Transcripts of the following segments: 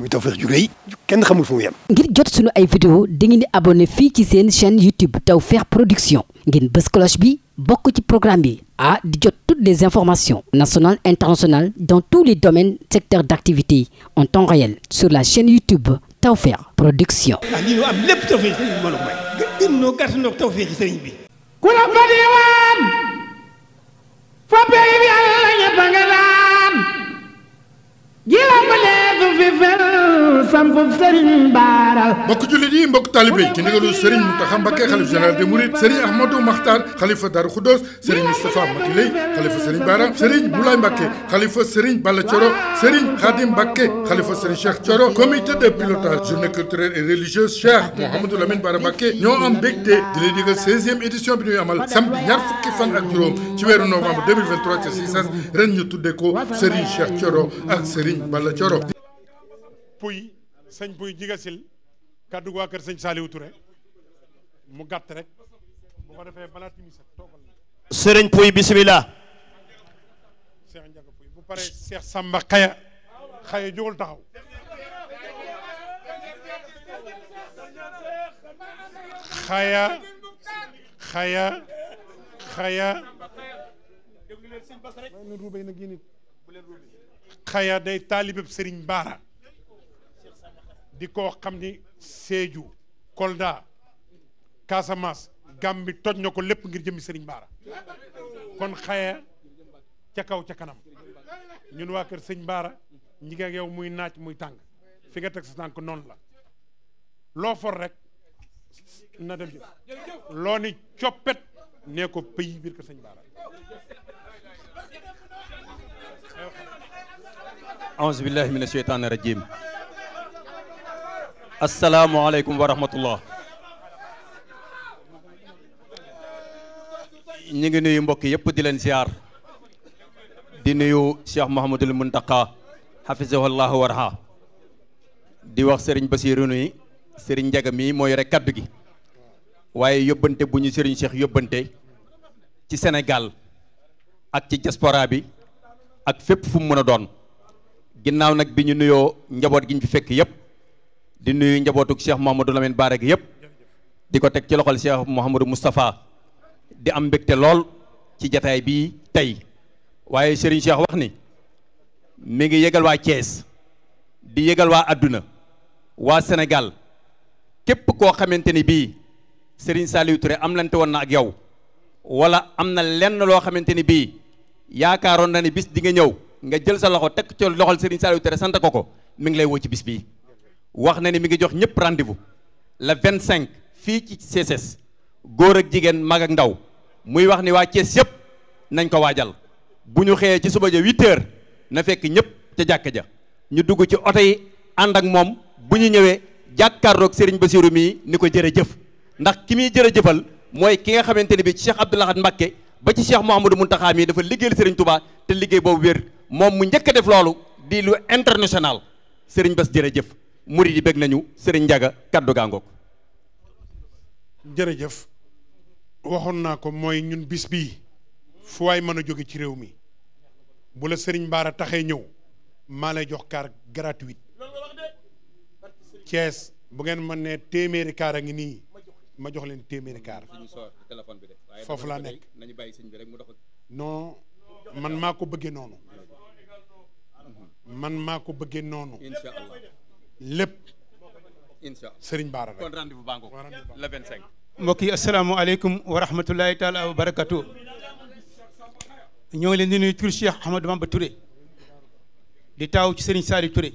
muy Tawfekh ju rëy kenn xamul fu mu yem. ngir jot sunu ay vidéo dangeen di abonné fii ci seen chaîne YouTube Tawfekh Production ngeen bës bi bokk ci programme bi ah di jot toutes les informations nationales internationales dans tous les domaines secteurs d'activité en temps réel sur la chaîne YouTube Tawfekh Production. ah lii ñu am lépp Tawfekh sëriñ bi mbooloo mooy. gën gën bi. ku la fa diwaan. foofee yi bi àll la ñëpp nga daal. sampu Serigne Bara. mbokk jullit yi mbokk taalibe yi ci ndigalu Serigne Mountakha Mbacké xalifa général des Mourides Serigne Ahmadou Makhtar xalifa Darou Khoudoss Serigne Moustapha Matiley xalifa Serigne Bara Serigne Moulay Mbacké xalifa Serigne Balla Thioro Serigne Khadim Mbacké xalifa Serigne Cheikh Thioro comité de pilotage journée culturelle et religieuse Cheikh Mouhamadou Lamine Bara Mbacké ñoo am mbégte di leen digal 16e édition bi ñuy amal samedi ñaar fukki fan ak juróom ci weeru novembre 2023 ca Cissas ren ñu tuddee ko Serigne Cheikh Thioro ak Serigne Balla Thioro. sëñ buy jigasil kàddu waa kër sëñ Saliou Touré mu gàtt rek bu puy bisimilah seex njaga puy bu paree seex sàmba xaya xaya jógul taxaw xaya xaya xaya xaya day taalibeb sëriñ baara di ko xam ni Sédhiou Kolda Casamance Gàmbi toj na ko lépp ngir jëmmi Serigne Bara kon xaye ca kaw ca kanam ñun waa kër Sëñ Bara ñi ngi muy naaj muy tàng fi nga teg sa tànk noonu la loo for rek na dem jëf loo ni coppet nee ko pays biir kër Sëñ Bara aouzu billahi mina sheytaani rajim asalaamualeykum wa rahmatullah ñu ngi nuyu mbokk yëpp di leen ziar di nuyu Cheikh Mouhamadul Muntaqa xafisahullahu warha di wax sëriñ Basiru ni sëriñ Njaga mi mooy rek kàddu gi waaye yóbbante bu ñu sëriñ Cheikh yóbbante ci senegal ak ci diaspora bi ak fépp fu mu mën a doon ginnaaw nag bi ñu nuyoo njaboot gi ñu fi fekk yëpp di nuyu njabootug Cheikh Mouhamadou Lamine Bara gi yëpp di ko teg ci loxol Cheikh Mouhamadou Moustapha di am mbégte lool ci jataay bii tey waaye Serigne Cheikh wax ni mi ngi yëgal waa cees di yëgal waa àdduna waa Sénégal képp koo xamante ni bii Serigne Saliou Touré am lante woon na ak yow walla am na lenn loo xamante ni bii yaakaaroon na ni bis di nga ñëw nga jël sa loxo teg ci loxol Serigne Saliou Touré sant ko ko mu ngi lay woo ci bis bii wax na ne mi ngi jox ñëpp rendez la vingt cinq fii ci CCS góor ak jigéen mag ak ndaw muy wax ni waa Thiès yëpp nañ ko waajal bu ñu xëyee ci suba ja 8 na fekk ñëpp ca jàkka ja ñu dugg ci oto yi ànd ak moom bu ñu ñëwee jàkkaarloog Serigne Bassirou mii ni ko jërëjëf ndax ki muy jërëjëfal mooy ki nga xamante ne bi Cheikh Abdoul Ahad Mbacké ba ci Cheikh Mouhamadou Mountakha mii dafa liggéeyal Serigne Touba te liggéey boobu wér moom mu njëkk a def loolu di lu international Serigne Bass jërëjëf. murid yi bëgg nañu sëriñ Ndiaga kaddu gaa ngoog jërëjëf waxoon naa ko mooy ñun bis bi fu waay mën a jóge ci réew mi bu la sëriñ Baara taxe ñëw maa la jox car gratuite Thiès bu ngeen mën ne téeméeri kaar a ngi nii ma jox leen téeméeri car foofu laa nekk non man maa ko bëggee noonu man maa ko bëggee noonu. lépp. incha allah Serigne Bara kon rendez-vous baa ngoog le 25. mbokk yi asalaamaaleykum wa rahmatulahi taala wa barakatu. ñoo ngi leen di nuyu tur Cheikh Ahmadou Bamba Touré. di taaw ci Serigne Saliou Touré.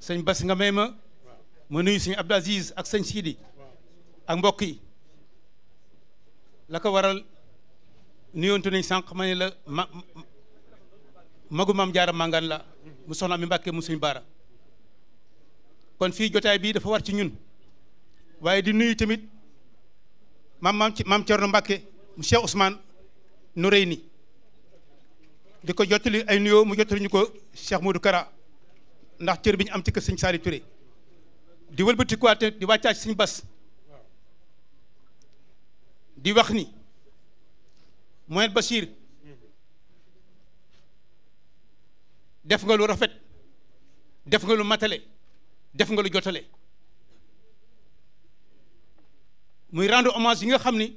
sëñ nga may ma. ma nuyu sëñ Abdou Aziz ak sëñ Sidi. ak mbokk yi. la ko waral nuyonte nañ sànq ma magu maam jaara màngaan la mu soxna mi mbàkkee mu suñ baara kon fii jotaay bii dafa war ci ñun waaye di nuyu tamit maam maam maam Cerno Mbàkke mu Cheikh Ousmane nu rëy ni di ko jottali ay nuyoo mu jottali ñu ko Cheikh Modou Kara ndax cër bi ñu am ci kër sëñ Saari Touré di wëlbatikuwaate di wàccaa ci sëñ Bas di wax ni Mohamed Bachir def nga lu rafet def nga lu matale def nga lu jotale muy rendre hommage yi nga xam ni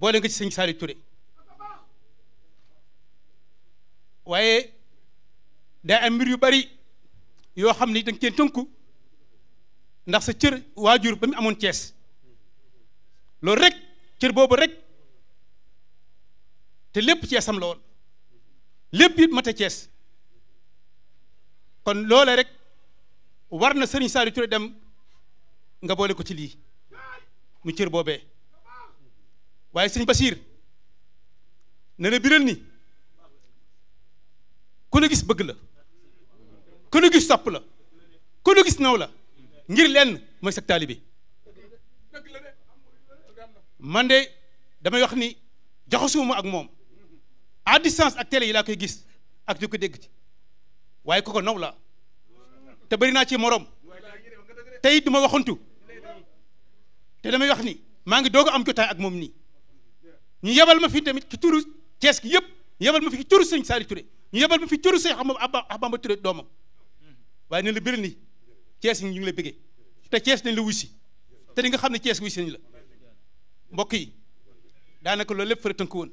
boole nga ci sëñ Saliou Touré waaye day am mbir yu bari yoo xam ni da nga cee tënku ndax sa cër waajur ba mu amoon Cees loolu rek cër boobu rek te lépp Ceesam la woon lépp it mate Cees kon loole rek war na sëriñ Saliou Touré dem nga boole ko ci lii mu cër boobee waaye sëñ Basiir ne la biral ni ku gis bëgg la ku la gis sopp la ku gis naw la ngir lenn mooy sag taalibe man de damay wax ni jaxasuma ak moom à distance ak télé yi laa koy gis ak di ko dégg waaye koko naw la te bëri naa ci morom te it du ma waxantu te damay wax ni maa ngi doog am jotaay ak moom nii ñu yebal ma fi tamit ci kees Cees gi yëpp yebal ma fi ci turu sëñ Saali Touré ñu yebal ma fi turu sëñ xam Abba Abba Touré dooma waaye ne la bëri nii Cees ñu ngi la bëggee te Cees dañ la wuy si te di nga xam ne Cees wuy si nañ la mbokk yi daanaka loolu lépp fëra tënk woon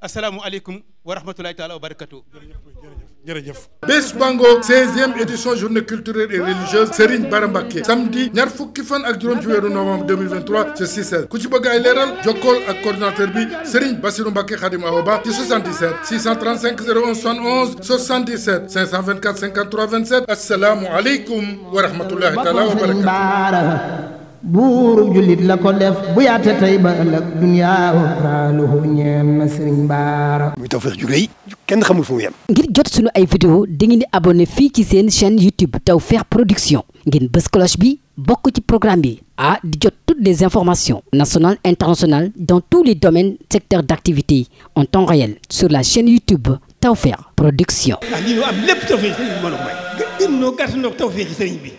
asalaamualeykum wa rahmatulahi taala wa barakatu jërëjëf bés bango seizième édition journée culturelle et religieuse Serigne Bara Mbacké samedi ñaar fukki fan ak juróom ci weeru novembre 2023 ci Cissé ku ci bëgg ay leeral jokkool ak coordinateur bi Serigne Bassirou Mbacké Khadim Awa Ba ci 77 635 01 71 77 524 53 27 asalaamualeykum wa rahmatulahi taala wa barakatu buuru jullit la ko def bu yaate ba ëllëg duniyaa raaluhu ñeen na sëriñ baara muy tawfeex ju kenn xamul fu mu ngir jot sunu ay vidéo dangeen di abonné fii ci seen chaîne YouTube Tawfekh Production ngeen bës cloche bi bokk ci programme bi ah di jot toutes des informations national internationales dans tous les domaines secteurs d'activité en temps réel sur la chaine YouTube Tawfekh Production. Ah, a may. gën noo